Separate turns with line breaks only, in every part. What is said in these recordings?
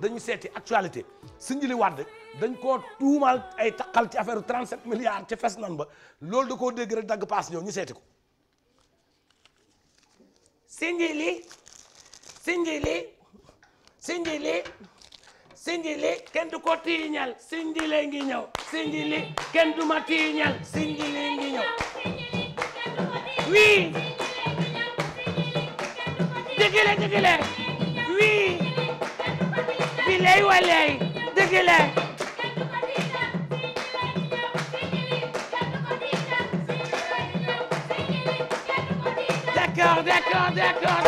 dañu seeti actualité Sindiély Wade dañ koo tuumaal ay taqal ci affaire 37 milliards ci fes nan ba loolu da koo dégg dagg paas ñëw ñu seeti ko. Sindiély Sindiély Sindiély kenn du ko tiiñal Sindiély ngi ñëw Sindiély kenn du ma tiiñal Sindiély ngi ñëw oui. lay walay dëgg la
d'accord d'accord d'accord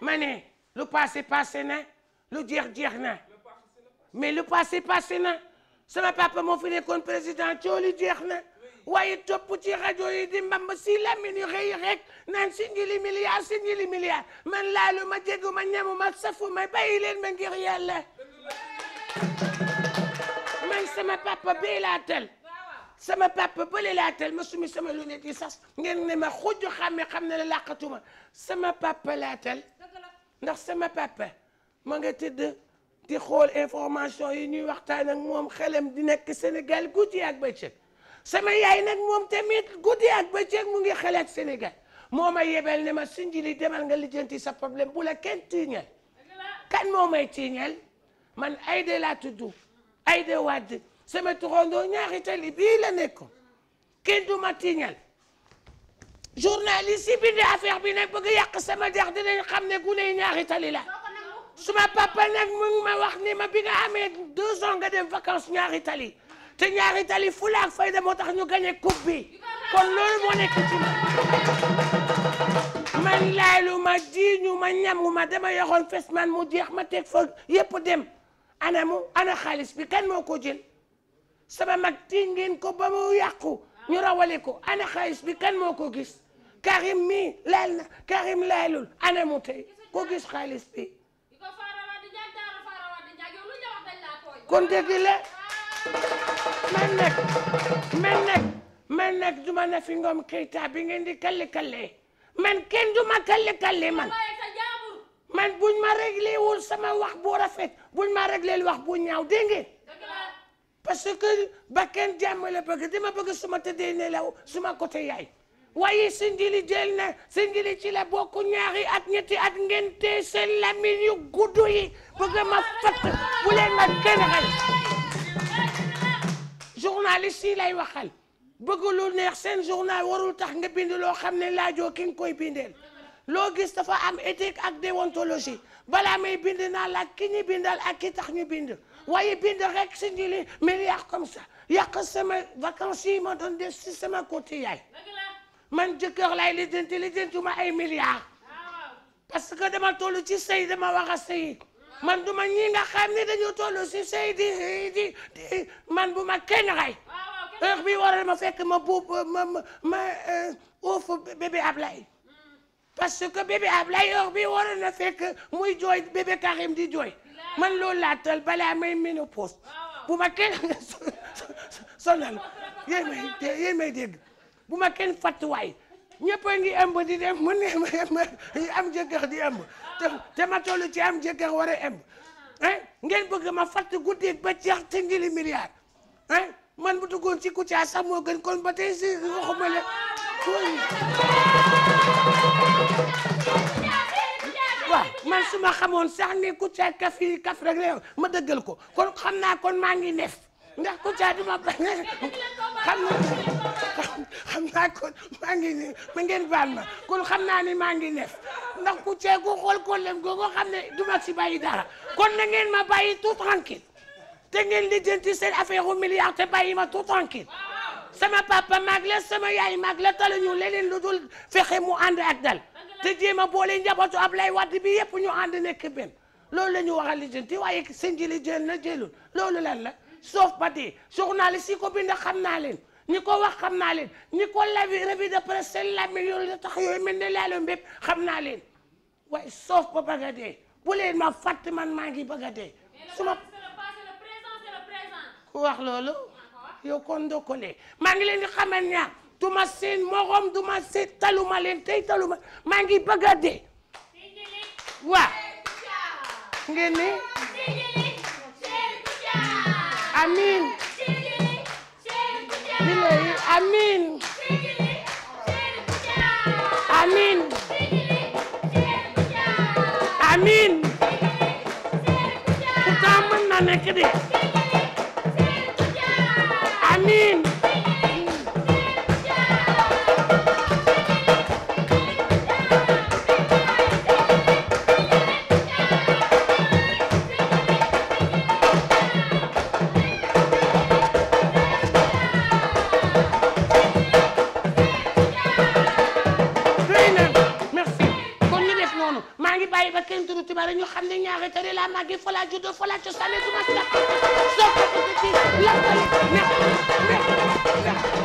ne lu passé passé na lu jeex jeex na mais lu passé passé na sama papa moo fi nekkoon président cooli jeex na waaye topp ci rajo yi di mbamba si lamin yu xëy rek naan si njili milliard si njili man laalu ma jegu ma ñamu ma safu ma bàyyi leen ma ngir yàlla man sama papa bii laa tel sama papa bële laa tel ma sumi sama lunette yi sas ngeen ne ma xujj xàmme xam ne la làqatuma sama papa laa tel ndax sama papa ma nga tëdd di xool information yi ñuy waxtaan ak moom xelam di nekk Sénégal guddi ak bëccëg sama yaay nag moom te tamit guddi ak bëccëg mu ngi xalaat Sénégal moo ma yebel ne ma Sindiély demal nga lijjanti sa problème bu la kenn tiiñal kan moo may tiiñal man Aïda laa tudd Aïda Wade sama turandoo ñaari bii la nekkoon kenn du ma tiiñal journaliste yi bind affaire bi nag bëgg yàq sama dex dinañ xam ne gune ñaari tali la suma papa nag mu ma wax ne ma bi nga amee deux ans nga dem vacances ñaari tali te ñaari tali fula ak fayda moo tax ñu gagné coupe bi kon loolu moo nekk ci man man laalu ma jiiñu ma ñamu ma dama yoxoon fes man mu jeex ma teg fa yépp dem ana mu ana xaalis bi kan moo ko jël sama mag ti ngeen ko ba mu yàqu ñu rawale ko ana xaalis bi kan moo ko gis Karim mii laal na Karim laalul ana mu tey ko gis xaalis bi kon dégg la man nag man nag man nag du ma na fi ngoom Keita bi ngeen di kalli kalli man kenn du ma kalli man man buñ ma réglé sama wax bu rafet buñ ma réglé wax bu ñaaw dégg ngeen parce que ba kenn jàmm la bëgg dama bëgg suma tëddee nelaw suma côté yaay waaye si njëli jël na si njëli ci la bokk ñaari at ñetti at ngeen tee seen lamiñ yu gudd yi bëgg ma fatt bu leen ma kenn xel journaliste yi lay waxal bëgg lu neex seen journal warul tax nga bind loo xam ne laajoo ki nga koy bindeel loo gis dafa am éthique ak déontologie balaa may bind naa la ki ñu bindal ak ki tax ñu bind waaye bind rek si ñu li milliard comme ça yàq sama vacances yi ma doon def ci sama côté yaay man jëkkër lay lijjanti lijjantuma ay milliards parce que dama toll ci sëy dama war a sëyi man du ma ñi nga xam ne dañu toll si sey di man bu ma kenn rey heure bi waral ma fekk ma buub ma ma eh, uuf bébé Ablaye parce que bébé Ablaye heure bi waral na fekk muy jooy bébé Karim di jooy man lool laa tal balaa may ménopause bu ma kenn sonal yéen may may dégg bu ma kenn fàttuwaay ñëpp a ngi ëmb di dem mu ne ma am jëkkër di ëmb te ma toll ci am jëkkër war a ëmb eh, ngeen bëgg ma fàtt guddi ba jeex te ngili milliard eh man bu ci Kouthia sax moo gën kon ba tey si waxuma la waaw man suma ma xamoon sax ni Kouthia kaf yi kaf rek la ma dëggal ko kon xam naa kon maa ngi neef ndax Kouthia du ma xam xam naa kon maa ngeen ma kon xam naa ni maa ngi neef ndax ku ceeku xool kollem googu xam du ma si bàyyi kon na ngeen ma bàyyi tout te ngeen lijjanti seen affaire u milliard te bàyyi ma tout tranquille sama papa maag la sama yaay maag la taluñu leneen lu dul fexe mu ànd ak dal te jéem a boole njabootu Ablaye Wade bi yëpp ñu ànd nekk benn loolu la ñu war waaye seen jëli na jëlul loolu lan sauf pati journaliste yi ko bind xam naa leen ñi ko wax xam naa leen ñi ko lavi revue de presse seen la tax yooyu mel ne laalo mbépp xam naa leen waaye sauf ba bëgg a dee bu leen ma fàtt man maa ngi bëgg a dee su ma ku wax loolu yow kon ndokkale maa ngi leen di xamal ñaar du ma seen morom du ma seen taluma tey taluma maa ngi bëgg waa ngeen ne amiin bile yi amiin amiin amiin pourtant mën na nekk de amiin maa ngi bàyyi ba kenn ti tubaab ñu xam ne ñaari tëri laa maa ngi fala juddoo fala cosaane du ma si la soog a tudd ci lakk